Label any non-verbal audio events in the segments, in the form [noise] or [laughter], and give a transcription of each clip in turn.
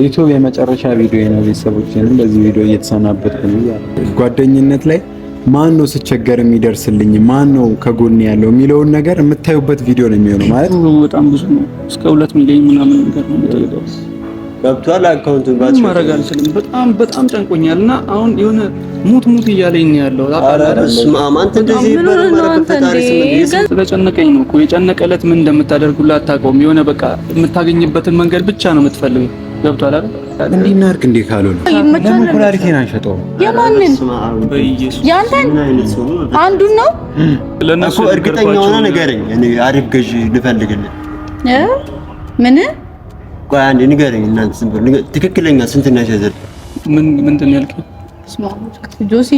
ዩቲዩብ የመጨረሻ ቪዲዮ ነው። ቤተሰቦችንም በዚህ ቪዲዮ እየተሰናበትኩ ጓደኝነት ላይ ማን ነው ስቸገር የሚደርስልኝ፣ ማን ነው ከጎን ያለው የሚለውን ነገር የምታዩበት ቪዲዮ ነው የሚሆነው ማለት ነው። በጣም ብዙ ነው። እስከ ሁለት ሚሊዮን ምናምን ነገር ነው የሚጠይቀው ገብቷል። አካውንቱን ባጭ ማድረግ አልችልም። በጣም በጣም ጨንቆኛል እና አሁን የሆነ ሙት ሙት እያለኝ ያለው። ስለጨነቀኝ ነው እኮ የጨነቀ ዕለት ምን እንደምታደርጉላ አታውቀውም። የሆነ በቃ የምታገኝበትን መንገድ ብቻ ነው የምትፈልገው። ገብቷል አይደል? እንዲህ እናድርግ እንዴ ካልሆነ ለምን ኩላሊቴን አንሸጠውም? የማንን ያንተን አንዱ ነው ለነሱ እርግጠኛ ሆነ እኔ አሪፍ ገዢ ልፈልግልህ እ ምን ቆይ አንዴ ንገረኝ። እናንተ ዝም ብሎ ትክክለኛ ስንት ነሽ? ዘር ምን ምንድን ነው ያልከኝ? ጆሲ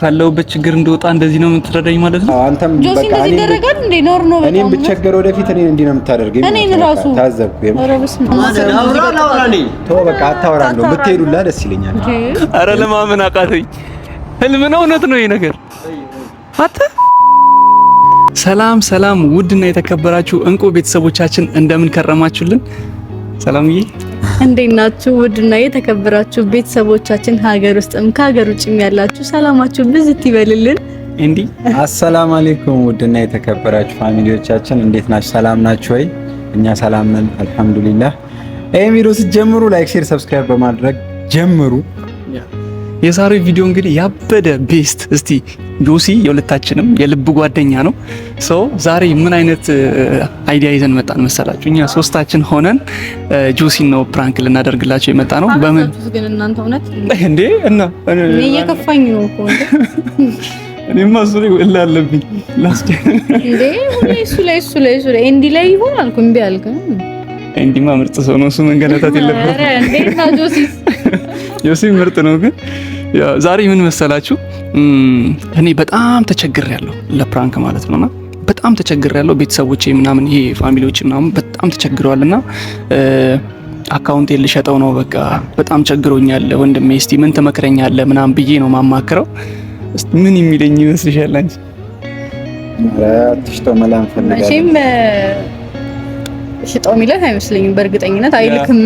ካለሁበት ችግር እንደወጣ እንደዚህ ነው የምትረዳኝ ማለት ነው? አንተም ጆሲ እንደዚህ ይደረጋል እንደ ኖር ነው በቃ እኔም ብቸገር ወደፊት እኔ እንዲህ ነው የምታደርገኝ። እኔን ራሱ ታዘብኩ። ተው በቃ አታወራ፣ እንደው ብትሄዱላ ደስ ይለኛል። አረ ለማመን አቃተኝ። ህልም ነው እውነት ነው ይሄ ነገር አታ ሰላም ሰላም፣ ውድና የተከበራችሁ እንቁ ቤተሰቦቻችን እንደምን ከረማችሁልን? ሰላምዬ እንዴት ናችሁ? ውድና የተከበራችሁ ቤተሰቦቻችን ሀገር ውስጥም ከሀገር ውጭም ያላችሁ ሰላማችሁ ብዝት ይበልልን። እንዲ አሰላም አለይኩም ውድና የተከበራችሁ ፋሚሊዎቻችን እንዴት ናችሁ? ሰላም ናችሁ ወይ? እኛ ሰላም ነን አልሐምዱሊላህ። ይሄ ቪዲዮ ስትጀምሩ ላይክ፣ ሼር፣ ሰብስክራይብ በማድረግ ጀምሩ። የዛሬ ቪዲዮ እንግዲህ ያበደ ቤስት እስቲ ጆሲ የሁለታችንም የልብ ጓደኛ ነው። ሰው ዛሬ ምን አይነት አይዲያ uh, ይዘን መጣን መሰላችሁ? እኛ ሶስታችን ሆነን ጆሲን uh, ነው ፕራንክ ልናደርግላቸው የመጣ ነው። በምን ግን እንዴ? እና እኔ እየከፋኝ ነው እኮ እኔማ እሱ ላይ እላለብኝ ላስቸ እንዴ እሱ ላይ እሱ ላይ እሱ ላይ እንዲ ላይ ይሆን አልኩ እምቢ አልክ። እንዲማ ምርጥ ሰው ነው እሱ መንገላታት የለበትም። ኧረ ጆሲ ጆሲ ምርጥ ነው ግን ዛሬ ምን መሰላችሁ? እኔ በጣም ተቸግር ያለው ለፕራንክ ማለት ነውና በጣም ተቸግር ያለው ቤተሰቦች ምናምን ይሄ ፋሚሊዎች ምናምን በጣም ተቸግረዋል እና አካውንቴ ልሸጠው ነው በቃ በጣም ቸግሮኛል ወንድሜ፣ እስቲ ምን ትመክረኛለህ ምናምን ብዬ ነው ማማክረው። ምን የሚለኝ ይመስልሻል አንቺ? ሽጠው መላ አይመስለኝም። በእርግጠኝነት አይልክም፣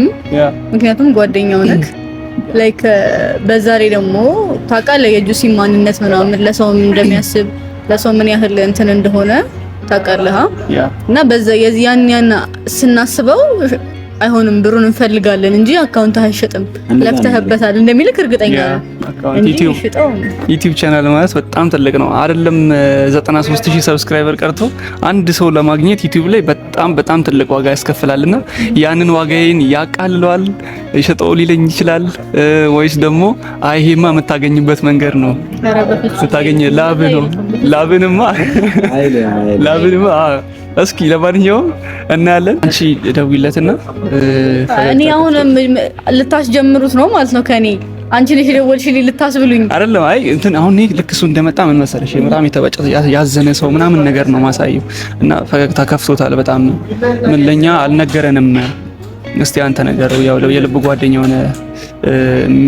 ምክንያቱም ጓደኛው ነክ ላይክ uh, በዛሬ ደግሞ ታውቃለህ የጁሲ ማንነት ምናምን ለሰው እንደሚያስብ ለሰው ምን ያህል እንትን እንደሆነ ታውቃለህ እና በዛ የዚያን ያን ስናስበው አይሆንም ብሩን እንፈልጋለን እንጂ አካውንት አይሸጥም፣ ለፍተህበታል እንደሚልክ እርግጠኛ አካውንት ዩቲዩብ ቻናል ማለት በጣም ትልቅ ነው አይደለም? 93000 ሰብስክራይበር ቀርቶ አንድ ሰው ለማግኘት ዩቲዩብ ላይ በጣም በጣም ትልቅ ዋጋ ያስከፍላልና ያንን ዋጋዬን ያቃልለዋል። ሸጠው ሊለኝ ይችላል ወይስ ደግሞ አይ ይሄማ የምታገኝበት መንገድ ነው የምታገኝ ላብ ነው ላብንማ ላብንማ እስኪ ለማንኛውም እናያለን። አንቺ ደውይለትና እኔ አሁን ልታስጀምሩት ነው ማለት ነው ከኔ አንቺ ነሽ የደወልሽልኝ ልታስብሉኝ አይደለም? አይ እንትን አሁን ይሄ ልክ እሱ እንደመጣ ምን መሰለሽ በጣም የተበጨ ያዘነ ሰው ምናምን ነገር ነው ማሳየው እና ፈገግታ ከፍቶታል በጣም ምን ለኛ አልነገረንም። እስቲ አንተ ነገር ያው የልብ ጓደኛ ሆነ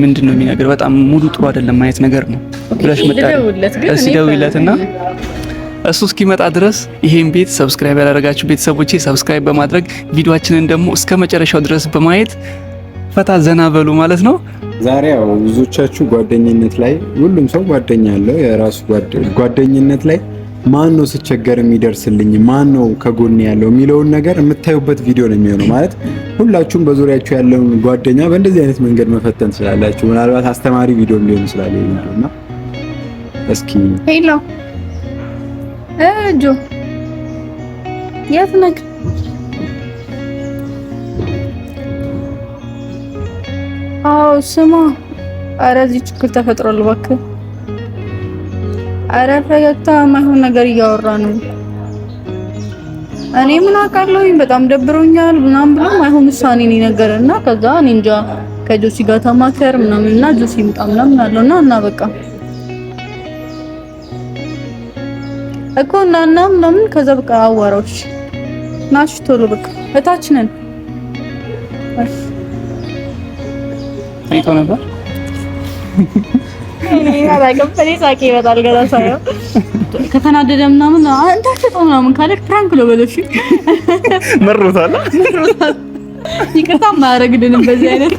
ምንድን ነው የሚነገር በጣም ሙሉ ጥሩ አይደለም ማየት ነገር ነው ብለሽ መጣ እስቲ ደውይለትና እሱ እስኪመጣ ድረስ ይሄን ቤት ሰብስክራይብ ያላደረጋችሁ ቤተሰቦች ሰብስክራይብ በማድረግ ቪዲዮአችንን ደግሞ እስከ መጨረሻው ድረስ በማየት ፈታ ዘና በሉ ማለት ነው። ዛሬ ያው ብዙዎቻችሁ ጓደኝነት ላይ ሁሉም ሰው ጓደኛ አለው። የራሱ ጓደኝነት ላይ ማን ነው ስቸገር የሚደርስልኝ፣ ማን ነው ከጎን ያለው የሚለውን ነገር የምታዩበት ቪዲዮ ነው የሚሆነው። ማለት ሁላችሁም በዙሪያችሁ ያለውን ጓደኛ በእንደዚህ አይነት መንገድ መፈተን ትችላላችሁ። ምናልባት አስተማሪ ቪዲዮ ሊሆን ይችላል እና እስኪ እጆ የት ነህ? አዎ ስማ፣ ኧረ እዚህ ችግር ተፈጥሯል። እባክህ ኧረ ፈገግታ የማይሆን ነገር እያወራ ነው። እኔ ምን አውቃለሁኝ በጣም ደብሮኛል ምናምን ብሎ ማይሆን ውሳኔ ነው የነገረና ከዛ እኔ እንጃ ከጆሲ ጋር ተማከር ምናምን እና ጆሲ ይምጣ ምናምን አለውና እና በቃ እኮ እናና ምናምን ከዛ በቃ አዋራዎች ናሽ ቶሎ በቃ እታች ነን። ከተናደደ ምናምን እንዳሸጠ ምናምን ካለ ፕራንክ ነው መሮታል ይቅርታ በዚህ አይነት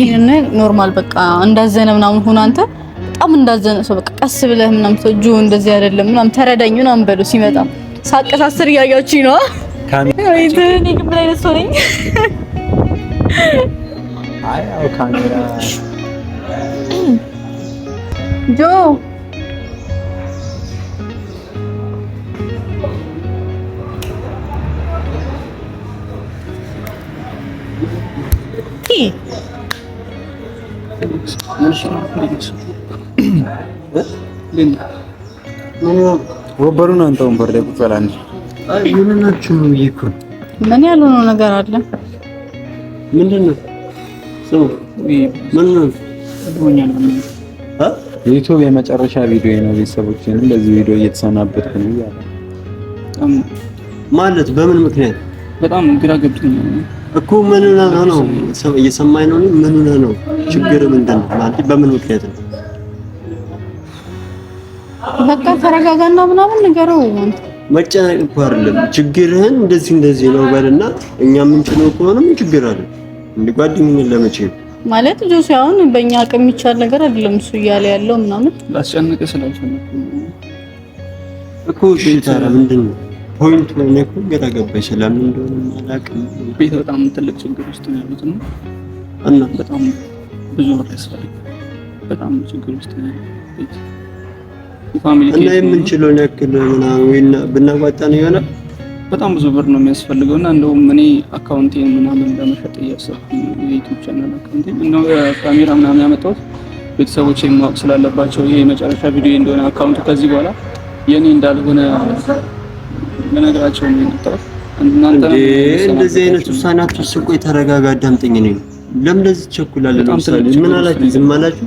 ይሄንን ኖርማል በቃ እንዳዘነ ምናምን ሆኖ አንተ በጣም እንዳዘነ ሰው በቃ ቀስ ብለህ ምናም ሰው ጆ እንደዚህ አይደለም ምናም ተረዳኝ ምናምን በለው ሲመጣ ሳቀሳስር እያያችኝ ነው። ጆ ምን ወንበሩን አንተ ወንበር ላይ ቁጭ በል። ምን ያልሆነው ነገር አለ? ምንድን ዩቱብ የመጨረሻ ቪዲዮ ነው። ቤተሰቦችን በዚህ ቪዲዮ እየተሰናበትኩ ነው ያለ ማለት በምን ምክንያት በጣም ግራ ገብቶኛል እኮ። ምን ነው ነው ሰው እየሰማኝ ነው። ምን ነው ችግር ምንድን ነው ማለት በምን ምክንያት ነው በቃ ተረጋጋና ምናምን ንገረው። መጨነቅ እኮ አይደለም ችግርህን እንደዚህ እንደዚህ ነው በልና እኛ የምንችለው ከሆነ ምን ችግር አለ? ጓደኝነት ለመቼ ማለት ጆሲ፣ አሁን በእኛ አቅም የሚቻል ነገር አይደለም እሱ እያለ ያለው ምናምን ላስጨንቅ ስላልጨነቅ እኮ ታዲያ ምንድን ነው ፖይንት ነው። እኔ እኮ ግራ ገባኝ። ስለምን እንደሆነ አላውቅም። ቤት በጣም ትልቅ ችግር ውስጥ ነው ያሉት እና እና በጣም ብዙ ወር ያስፈልጋል። በጣም ችግር ውስጥ ነው ቤት እና የምንችለውን ያክል ምናምን ብናጓጣ ነው ይሆናል። በጣም ብዙ ብር ነው የሚያስፈልገው እና እንደውም እኔ አካውንቴን ምናምን ለመሸጥ እያሰብኩ የዩቲዩብ ቻናል አካውንቴን እንደው ካሜራ ምናምን ያመጣሁት ቤተሰቦች የማወቅ ስላለባቸው ይሄ የመጨረሻ ቪዲዮ እንደሆነ አካውንቱ ከዚህ በኋላ የኔ እንዳልሆነ ለነገራቸው ነው የመጣሁት። እናንተ እንደዚህ አይነት ውሳኔ አትወስን። ቆይ ተረጋጋ፣ አዳምጠኝ ነው ለምን ለዚህ ለምሳሌ ምን አላችሁ? ዝም አላችሁ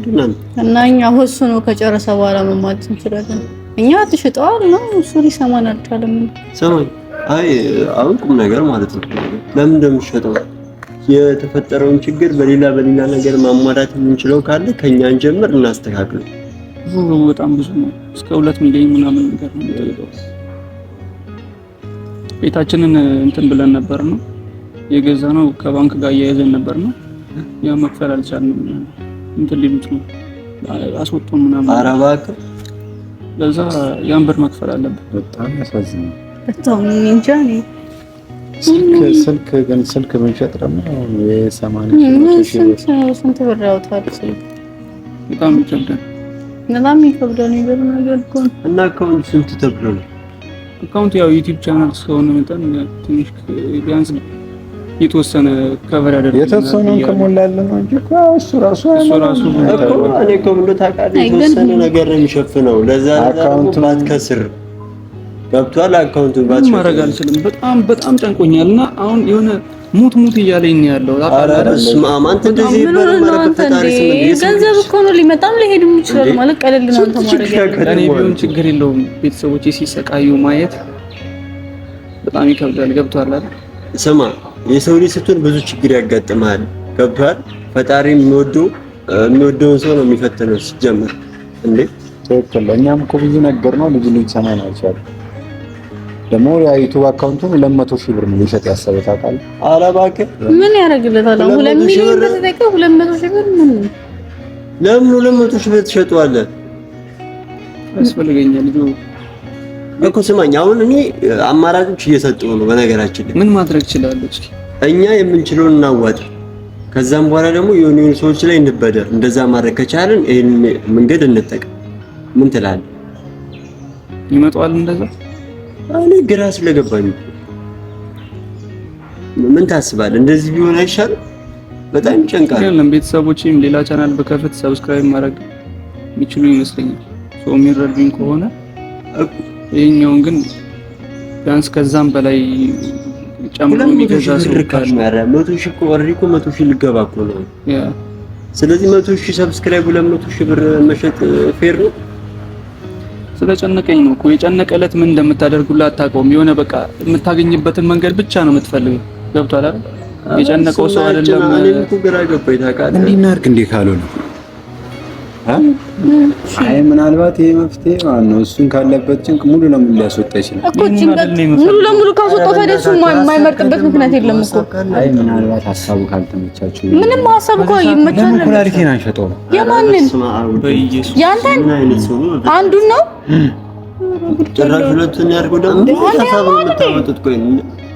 እና እኛ እሱ ነው ከጨረሰ በኋላ መማት እንችላለን። እኛ ትሽጠዋል ነው እሱ ሊሰማን አልቻለም። ሰማኝ። አይ አሁን ቁም ነገር ማለት ነው። ለምን እንደሚሸጠው የተፈጠረውን ችግር በሌላ በሌላ ነገር ማሟላት የምንችለው ካለ ከኛ ጀምር እናስተካክል። በጣም ብዙ ነው። እስከ ሁለት ሚሊዮን ምናምን ነገር ነው የሚጠይቀው። ቤታችንን እንትን ብለን ነበር ነው የገዛ ነው። ከባንክ ጋር እያያዘን ነበር ነው ያ መክፈል አልቻልንም። እንትን ሊሉት ነው አስወጡን ምናምን። ኧረ እባክህ በዛ ያን ብር መክፈል አለብን። በጣም ያሳዝናል። በጣም እንጃ ነው ስልክ ግን ስልክ መሸጥ ደግሞ የሰማንያ ብር ያወጣል ስልክ በጣም ይከብዳል። በጣም ይከብዳል። ነገር ነገር ኮን እና አካውንት ስንት ተብሎ አካውንት ያው ዩቲዩብ ቻናል እስከሆነ መጠን ትንሽ ቢያንስ የተወሰነ ከበር ያደርግ የተወሰነውን ከሞላለ ነው እንጂ እሱ ራሱ እሱ ራሱ እኔ እኮ ምን ታውቃለህ፣ የተወሰነ ነገር ነው የሚሸፍነው። ለዛ አካውንት ባትከስር ገብቷል። አካውንቱ ባትሸፍን ማድረግ አልችልም። በጣም በጣም ጨንቆኛልና አሁን የሆነ ሙት ሙት እያለኝ ነው ያለው። ገንዘብ እኮ ነው ሊመጣም ሊሄድም ይችላል። ማለት ቀለል ነው አንተ ማድረግ እኔ ቢሆን ችግር የለውም። ቤተሰቦች ሲሰቃዩ ማየት በጣም ይከብዳል። ገብቷል አይደል? ስማ የሰው ልጅ ስትሆን ብዙ ችግር ያጋጥማል። ገብቷል። ፈጣሪ የሚወደው የሚወደውን ሰው ነው የሚፈተነው ሲጀምር። እንዴ ትክክል። እኛም እኮ ብዙ ነገር ነው ልጅ ልጅ ሰማን አይቻል። ደግሞ የዩቱብ አካውንቱን ሁለት መቶ ሺህ ብር ነው ሊሸጥ ያሰበ ታውቃለህ። እባክህ ምን ያደርግለታል? ሁለት ሚሊዮን በተጠቀ ሁለት መቶ ሺህ ብር ምን ለምን ሁለት መቶ ሺህ ብር ትሸጠዋለህ? ያስፈልገኛል ልጁ እኮ ስማኝ፣ አሁን እኔ አማራጮች እየሰጡ ነው። በነገራችን ላይ ምን ማድረግ እችላለሁ? እኛ የምንችለውን እናዋጥ ከዛም በኋላ ደግሞ የሆኑ የሆኑ ሰዎች ላይ እንበደር። እንደዛ ማድረግ ከቻለን ይህን መንገድ እንጠቀም። ምን ትላለ? ይመጣዋል እንደዛ። እኔ ግራ ስለገባኝ ምን ታስባለህ? እንደዚህ ቢሆን አይሻልም? በጣም ይጨንቃል። ይሄን ሌላ ቻናል በከፍት ሰብስክራይብ ማድረግ የሚችሉ ይመስለኛል። ሰው የሚረዱኝ ከሆነ ይህኛውን ግን ቢያንስ ከዛም በላይ ጨምሮ የሚገዛ ሰው ካለ መቶ ሺህ እኮ ኦልሬዲ እኮ መቶ ሺህ ልገባ እኮ ነው። ስለዚህ መቶ ሺህ ሰብስክራይብ ለመቶ ሺህ ብር መሸጥ ፌር ነው። ስለጨነቀኝ ነው እኮ የጨነቀ ዕለት ምን እንደምታደርጉላ አታውቀውም። የሆነ በቃ የምታገኝበትን መንገድ ብቻ ነው የምትፈልገው። ገብቷል አይደል? የጨነቀው ሰው አይደለም። እኔ እኮ ግራ ገባኝ ታውቃለህ። እንዲህ እናድርግ እንዴ ካልሆነ አይ ምናልባት ይሄ መፍትሄ ማለት ነው። እሱን ካለበት ጭንቅ ሙሉ ለሙሉ ሊያስወጣ ይችላል እኮ ጭንቀት ሙሉ ለሙሉ ካስወጣው ታዲያ እሱ የማይመርጥበት ምክንያት የለም እኮ። አይ ምናልባት ሀሳቡ ካልተመቻችሁ ምንም ሀሳብ እኮ ይመቻል። ለምን ኩላሊቴን አንሸጠው? የማንን ያንተን አንዱን ነው ጭራሽ ሁለቱን ያድርጉ ደግሞ ሀሳቡን የምታመጡት ቆይ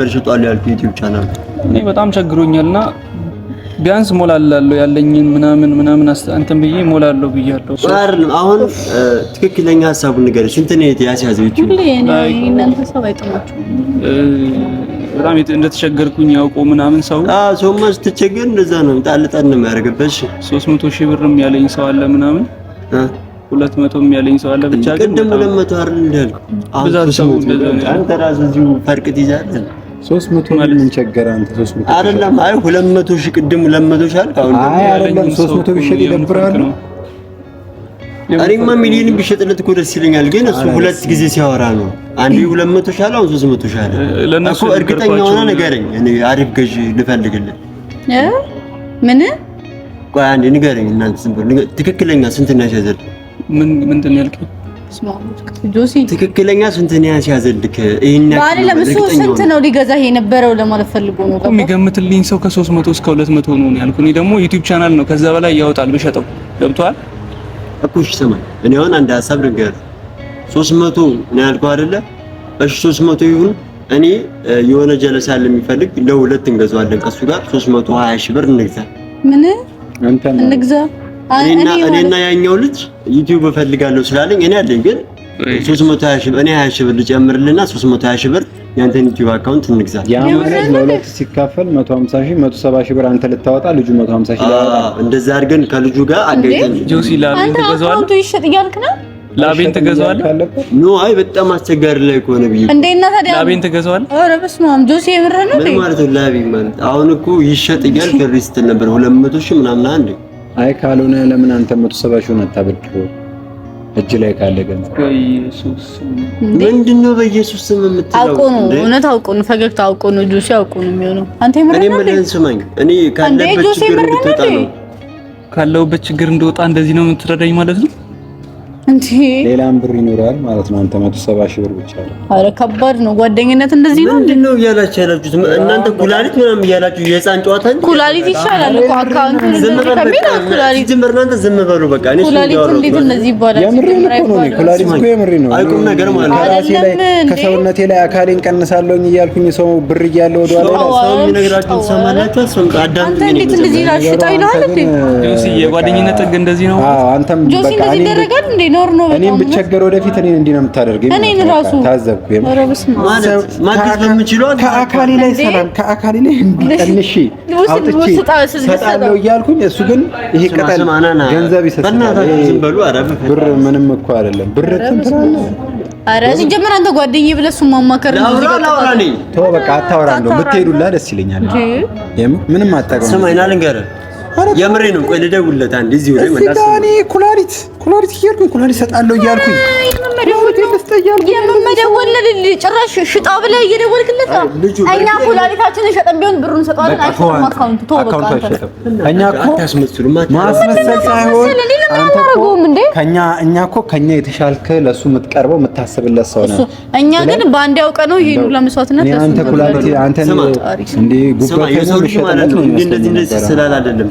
ነበር ሽጧል ያልኩ ዩቲዩብ ቻናል እኔ በጣም ቸግሮኛልና ቢያንስ ሞላላለሁ ያለኝን ምናምን ምናምን እንትን ብዬ ሞላለሁ ብያለሁ። አይደለም አሁን ትክክለኛ ሀሳቡን ንገረኝ። ስንት ነው ዩቲዩብ? እናንተ ሰው ያስያዘው? በጣም እንደተቸገርኩኝ ያውቀው ምናምን ሰው ሰውማ ስትቸገር እንደዛ ነው። ጣልጣል ነው የሚያደርግበት። ሶስት መቶ ሺህ ብርም ያለኝ ሰው አለ ምናምን ሁለት መቶም ያለኝ ሰው አለ። ብቻ ግን ቅድም ሁለት መቶ አይደል እንዳልኩ ብዛት ሰው እንደዛ ነው። አንተ ራስህ እዚሁ ፈርቅ ትይዛለህ ሶስት መቶ ማለት ምን ቸገረ? አንተ ሶስት መቶ አይደለም። አይ ሁለት መቶ ሺህ ቅድም ሁለት መቶ ሺህ አልክ። አሁን አይ አይደለም፣ ሶስት መቶ ቢሸጥ ይደብራል። እኔማ ሚሊዮን ቢሸጥለት እኮ ደስ ይለኛል፣ ግን እሱ ሁለት ጊዜ ሲያወራ ነው። አንዴ ሁለት መቶ ሺህ አለ፣ አሁን ሶስት መቶ ሺህ አለ እኮ። እርግጠኛ ሆነ ንገረኝ፣ እኔ አሪፍ ገዥ ልፈልግልህ። ምን ቆይ አንዴ ንገረኝ። እናንተ ዝም ብሎ ትክክለኛ ስንት እናሽ ያዘል ምን ምንድን ነው ያልከኝ? ትክክለኛ ስንት ነው ያስያዘልክ? ይሄን ያክል ስንት ነው ሊገዛ የነበረው ለማለት ፈልጎ ነው። የሚገምትልኝ ሰው ከሶስት መቶ እስከ ሁለት መቶ ነው ያልኩ። እኔ ደግሞ ዩቲዩብ ቻናል ነው ከዛ በላይ ያወጣል ብሸጠው። ገብቶሃል እኮ። እሺ ስማኝ፣ እኔ አሁን አንድ ሀሳብ ልንገርህ። ሶስት መቶ ነው ያልኩህ አይደለ? እሺ ሶስት መቶ ይሁን። እኔ የሆነ ጀለሳ የሚፈልግ ለሁለት እንገዛዋለን ከሱ ጋር ሶስት መቶ ሀያ ሺህ ብር እንግዛ። ምን እንግዛ እኔና ያኛው ልጅ ዩቲዩብ እፈልጋለሁ ስላለኝ እኔ አለኝ ግን 320 ሺህ እኔ 20 ሺህ ብር ልጨምርልና 320 ሺህ ብር ያንተን ዩቲዩብ አካውንት እንግዛ። ያ ማለት ለሁለት ሲካፈል 150 ሺህ 170 ሺህ ብር አንተ ልታወጣ ልጁ 150 ሺህ ላወጣ፣ እንደዛ አድርገን ከልጁ ጋር አገኝተን ጆሲ ላቤን ትገዛዋለህ። አንተ ይሸጥ እያልክ ነው? ላቤን ትገዛዋለህ? ኖ አይ በጣም አስቸጋሪ ላይ ከሆነ ብዬ እንዴት ታዲያ ላቤን ትገዛዋለህ? ኧረ በስመ አብ ጆሲ የምርህ ነው ማለት ነው። ላቤን ማለት አሁን እኮ ይሸጥ እያልክ ሪስት ነበር 200 ሺህ ምናምን አንዴ አይ ካልሆነ ለምን አንተ መቶ ሰባ ሺውን አታበድሮ እጅ ላይ ካለ ገንዘብ ምንድን ነው? በኢየሱስ ስም የምትለው አውቆ ነው። እውነት አውቆ ነው። ፈገግታ አውቆ ነው። ጆሴ አውቆ ነው የሚሆነው። አንተ የምርህ ነው እንዴ? ስማኝ፣ እኔ ካለበት ችግር እንድትወጣ ነው ካለሁበት ችግር እንደወጣ እንደዚህ ነው የምትረዳኝ ማለት ነው ሌላም ብር ይኖራል ማለት ነው። አንተ መቶ ሰባ ሺህ ብር ብቻ ነው። አረ ከባድ ነው ጓደኝነት። እንደዚህ ነው ምንድን ነው እያላችሁ ያላችሁት እናንተ ኩላሊት ምናምን እያላችሁ የህፃን ጨዋታ እንጂ ኩላሊት ይሻላል እኮ አካውንት ዝም ኩላሊት ዝም ጀምር። እናንተ ዝም በሉ በቃ። እኔ ኩላሊት እንዴት እንደዚህ ይባላል? የምሬ ነው እኔ ኩላሊት እኮ የምሬ ነው። አይቁም ነገር ማለት ነው። ራሴ ላይ ከሰውነቴ ላይ አካሌን ቀንሳለሁኝ እያልኩኝ ሰው ብር እያለው ወደ ኋላ ሰው የሚነግራችሁ ትሰማላችሁ። ሰው አዳም አንተ እንዴት እንደዚህ ይላል? ሽጣይ ነው አይደል? ጆሲ የጓደኝነት ጥግ እንደዚህ ነው። አዎ አንተም በቃ ጆሲ እንደዚህ ይደረጋል እንዴ ነው መኖር ነው። እኔም ብቸገር ወደፊት እኔን እንዲህ ነው የምታደርገኝ። እኔን ራሱ ታዘብኩ። ከአካሌ ላይ ሰላም ከአካሌ ላይ እንዲጠንሽ አውጥቼ ሰጣለሁ እያልኩኝ እሱ ግን ይሄ ቅጠል ገንዘብ ይሰጣል። ብር ምንም እኮ አይደለም ብር አንተ ጓደኛዬ ብለህ እሱን ማማከር ነው። በቃ እንደው ብትሄዱላ ደስ ይለኛል። ምንም ስማኝ ና ልንገርህ የምሬ ነው። ቆይ ልደውልለት አንዴ። እዚሁ ላይ እኔ ኩላሊት ኩላሊት እያልኩኝ ኩላሊት እሰጣለሁ እያልኩኝ የምመደወልልህ ጭራሽ ሽጣው ብለህ እየደወልክለት ነው። እኛ ኩላሊታችንን ሸጠን ቢሆን ብሩን እንሰጠዋለን። አይሸጥም። እኛ እኛ እኮ ከኛ የተሻልክ ለእሱ የምትቀርበው የምታስብለት ሰው ነው። እኛ ግን በአንድ ያውቀ ነው ይሄን ሁሉ መስዋዕትነት ስላል አይደለም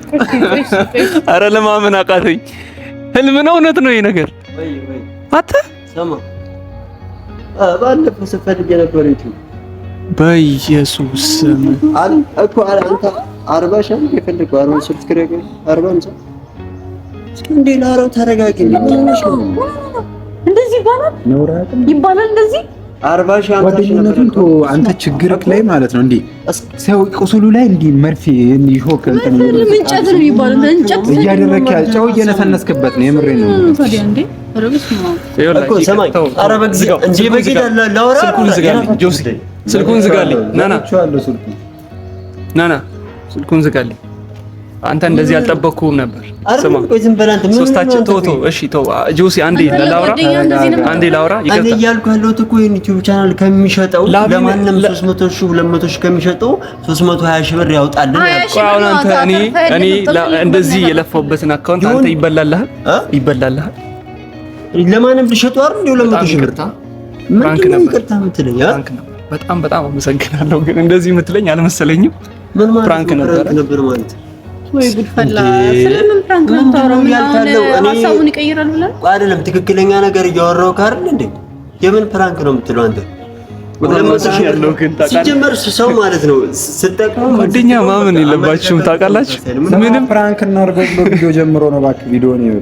[laughs] አረ ለማመን አቃተኝ። ህልም ነው እውነት ነው ይሄ ነገር? አታ ሰማ ባለፈው ስትፈልግ የነበረ በኢየሱስ ስም እኮ አንተ አርባ የፈለገው። አርባ ሰብስክራይብ አርባ ምሳ እንዴ ላረው እንደዚህ ይባላል ይባላል እንደዚህ ጓደኝነቱን አንተ ችግርክ ላይ ማለት ነው። እንዴ ሰው ቁስሉ ላይ እንዲ መርፌ ይሾክ እንጨት ነው የሚባለው እንጨት እያደረክ ጨው እየነሰነስክበት ነው። የምሬ ነው እኮ እንጂ ላውራ። ስልኩን ዝጋልኝ ስልኩን ናና ናና ስልኩን ዝጋልኝ አንተ እንደዚህ አልጠበቅኩም ነበር። ስማ ሶስታችን ቶቶ እሺ፣ ቶ ጆሲ፣ አንዴ ላውራ፣ አንዴ ላውራ። ይቅርታ እኔ እያልኩ ያለሁት እኮ ዩቲዩብ ቻናል ከሚሸጠው ለማንም 300 ሺህ 200 ሺህ ከሚሸጠው 320 ሺህ ብር ያውጣልን። አሁን አንተ እኔ እኔ እንደዚህ የለፋሁበትን አካውንት አንተ ይበላልህ ይበላልህ ለማንም ልሸጡ አይደል? እንደው 200 ሺህ ብር ፍራንክ ነበር። በጣም በጣም አመሰግናለሁ፣ ግን እንደዚህ የምትለኝ አልመሰለኝም። ፍራንክ ነበር ማለት ወይ ነው ይቀይራል ብለህ አይደለም። ትክክለኛ ነገር እያወራሁ ካርል እንዴ የምን ፕራንክ ነው የምትለው አንተ? ሲጀመር ሰው ማለት ነው ስጠቅሙ ጓደኛ ማመን የለባችሁም ታውቃላችሁ። ምንም ፍራንክ እናድርግ ብሎ ቪዲዮ ጀምሮ ነው ቪዲዮ ነው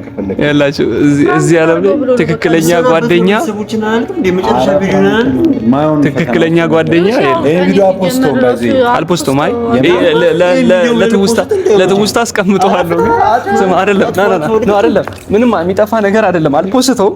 ያላችሁ እዚህ ዓለም ላይ ትክክለኛ ጓደኛ ትክክለኛ ጓደኛ ለትውስታ ለትውስታ አስቀምጠዋለሁ። አይደለም፣ አይደለም፣ ምንም የሚጠፋ ነገር አይደለም። አልፖስተውም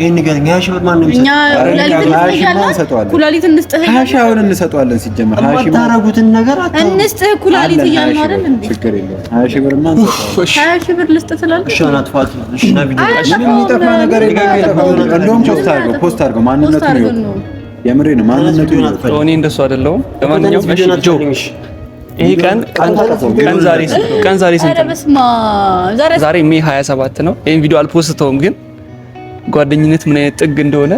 ይሄን ንገረኝ። ሀያ ሺህ ብር ማን የሚሰጠው? ኩላሊት እንስጥህ። ሀያ ሺህ አሁን እንሰጠዋለን። ሲጀመር ሀያ ሺህ የማታረጉትን ነገር እንስጥህ። ኩላሊት እያልን አይደል ችግር የለውም። ሀያ ሺህ ማን ልስጥህ ትላለህ። ነው። የምሬ ነው ማንነቱ እኔ እንደሱ አይደለሁም። ለማንኛውም ቀን ዛሬ ስንት ነው? ዛሬ ሜይ 27 ነው። ይሄን ቪዲዮ አልፖስተውም ግን ጓደኝነት ምን አይነት ጥግ እንደሆነ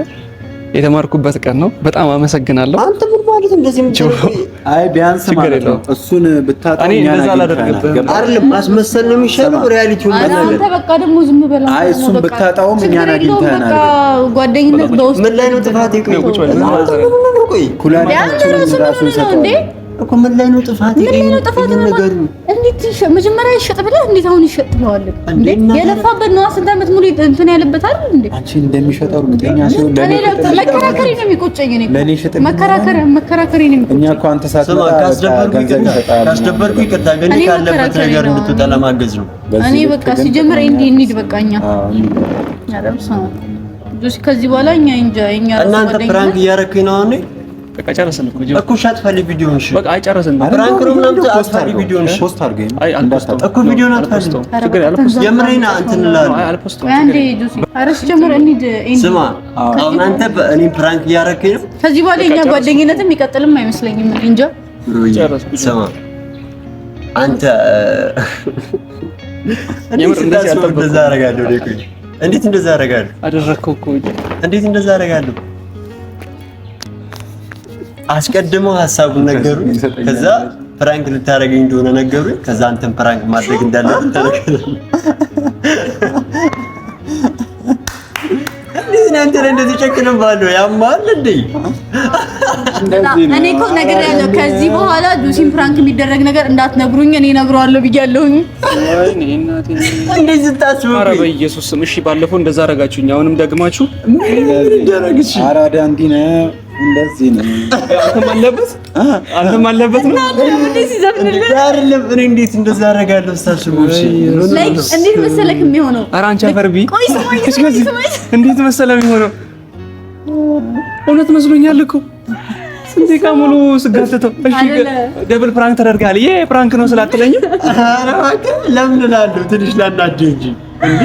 የተማርኩበት ቀን ነው። በጣም አመሰግናለሁ። አንተ ምን ማለት እንደዚህ አይ ቢያንስ ማለት ነው እሱን ብታጣው እኔ እንደዛ አላደርግብህም አይደል? ማስመሰል ነው የሚሻለው። ሪያሊቲውን ማለት አንተ በቃ ደግሞ ዝም ብለህ አይ እሱን ብታጣውም እኛን አግኝተናል። ጓደኝነት በውስጥ ምን ላይ ነው ጥፋት? ይቆይ ቁጭ በል። ኩላሊት ራሱን ሰጠው እንዴ እኮ ምን ላይ ነው ጥፋት? ምን ላይ ነው ጥፋት? ነገር እንዴት መጀመሪያ ይሸጥ ብለህ እንዴት አሁን ይሸጥ ትለዋለህ? የለፋበት ነው። ስንት ዓመት ሙሉ እንትን ያለበት አይደል እንዴ? አንቺ እንደሚሸጠው እርግጠኛ ሲሆን መከራከሪ ነው የሚቆጨኝ። እኔ ለኔ ይሸጥ መከራከሪ መከራከሪ ነው የሚቆጨኝ። እኛ እኮ አንተ ሳትመጣ ይቅርታ፣ ግን ካለበት ነገር እንድትወጣ ለማገዝ ነው። እኔ በቃ ሲጀምር እንዴ እንሂድ በቃ እኛ ያረምሰው ከዚህ በኋላ እኛ እንጃ እኛ እናንተ ፕራንክ እያረከኝ ነው አሁን በቃ ጨረስን እኮ እኮ ሻት ፈልግ ቪዲዮ እሺ፣ በቃ አይ ጨረስን። ፕራንክ ነው ምናምን አስፈልግ ቪዲዮ እሺ፣ ፖስት አድርገኝ። አይ አልፖስትም እኮ ቪዲዮን አትፈልግም። ችግር አልፖስትም፣ የምሬን እንትን እላለሁ። አይ አልፖስትም። አንዴ ዱሲ አረስ ጀምር እንሂድ። ስማ አሁን አንተ በእኔ ፕራንክ እያረከኝ ነው። ከዚህ በኋላ የኛ ጓደኝነትም ይቀጥልም አይመስለኝም። እንጃ ጨረስኩ። ስማ አንተ [laughs] የምር እንደዚህ አልተበቀ እንደዛ አደረጋለሁ። እንዴት እንደዛ አደረጋለሁ? አደረከው እኮ እንዴት እንደዛ አደረጋለሁ? አስቀድመው ሀሳቡን ነገሩ። ከዛ ፕራንክ ልታደርገኝ እንደሆነ ነገሩ። ከዛ አንተን ፕራንክ ማድረግ እንዳለብን ተነገረን። አንተ ላይ እንደዚህ ጨክንብሃለሁ? ያማል እንዴ? እኔ እኮ ነግሬያለሁ። ከዚህ በኋላ ጁሲን ፕራንክ የሚደረግ ነገር እንዳትነግሩኝ እኔ እነግረዋለሁ ብያለሁኝ። እንዴት ስታስብ ኧረ በኢየሱስ ስም እሺ። ባለፈው እንደዛ አደረጋችሁኝ፣ አሁንም ደግማችሁ ምን አራዳ እንዲህ ነው እንደዚህ ነው። አንተም አለበት አንተም አለበት ነው። አይደለም እንዴት እንደዛ አደርጋለሁ ስታስቡ? እንዴት መሰለህ የሚሆነው? እንዴት መሰለህ የሚሆነው? እውነት መስሎኛል እኮ ስንት ቃ ሙሉ ስጋትተው። እሺ ደብል ፕራንክ ተደርጋል። ይሄ ፕራንክ ነው ስላትለኝ ኧረ ለምን እላለሁ ትንሽ ላናድህ እንጂ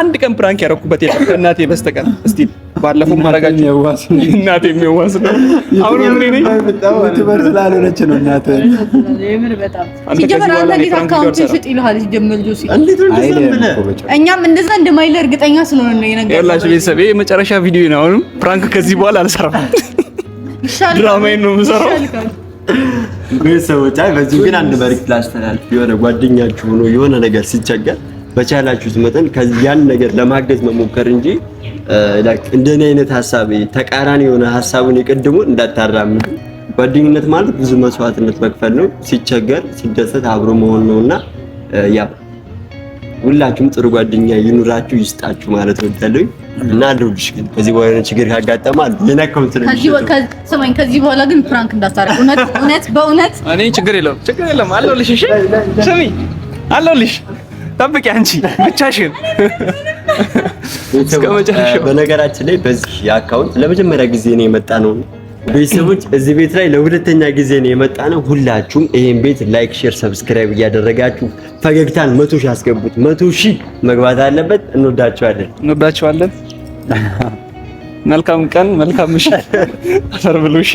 አንድ ቀን ፕራንክ ያደረኩበት የለም ከእናቴ በስተቀር እስቲ ባለፈው ማረጋችሁ እናቴ የሚዋስ ነው። አሁን ስላልሆነች ነው እናቴ እኛም እንደዛ እንደማይለ እርግጠኛ ስለሆነ ነው የነገርኩህ። ቤተሰብ የመጨረሻ ቪዲዮ ነው። አሁንም ፕራንክ ከዚህ በኋላ አልሰራም፣ ድራማዬን ነው የምሰራው። ቤተሰቦች በዚህ ግን አንድ መልዕክት ላስተላልፍ። የሆነ ጓደኛችሁ ሆኖ የሆነ ነገር ሲቸገር በቻላችሁት መጠን ያን ነገር ለማገዝ መሞከር እንጂ እንደኔ አይነት ሀሳብ ተቃራኒ የሆነ ሀሳቡን የቀድሞን እንዳታራምዱ። ጓደኝነት ማለት ብዙ መስዋዕትነት መክፈል ነው። ሲቸገር፣ ሲደሰት አብሮ መሆን ነውና ያ ሁላችሁም ጥሩ ጓደኛ ይኑራችሁ ይስጣችሁ ማለት ወዳለሁ እና አለሁልሽ። ግን ከዚህ በኋላ ችግር ካጋጠመ የነካውን ስለሚሰማኝ ከዚህ በኋላ ግን ፍራንክ እንዳታረግ። እውነት እውነት፣ በእውነት እኔ ችግር የለውም ችግር የለውም። አለሁልሽ። እሺ ስሚ፣ አለሁልሽ ጠብቂ አንቺ ብቻሽን እስከመጨረሻው። በነገራችን ላይ በዚህ አካውንት ለመጀመሪያ ጊዜ ነው የመጣ ነው። ቤተሰቦች እዚህ ቤት ላይ ለሁለተኛ ጊዜ ነው የመጣ ነው። ሁላችሁም ይሄን ቤት ላይክ፣ ሼር፣ ሰብስክራይብ እያደረጋችሁ ፈገግታን መቶ ሺህ አስገቡት። መቶ ሺህ መግባት አለበት። እንወዳችኋለን፣ እንወዳችኋለን። [laughs] መልካም ቀን፣ መልካም ምሽት። አፈር ብሉ። እሺ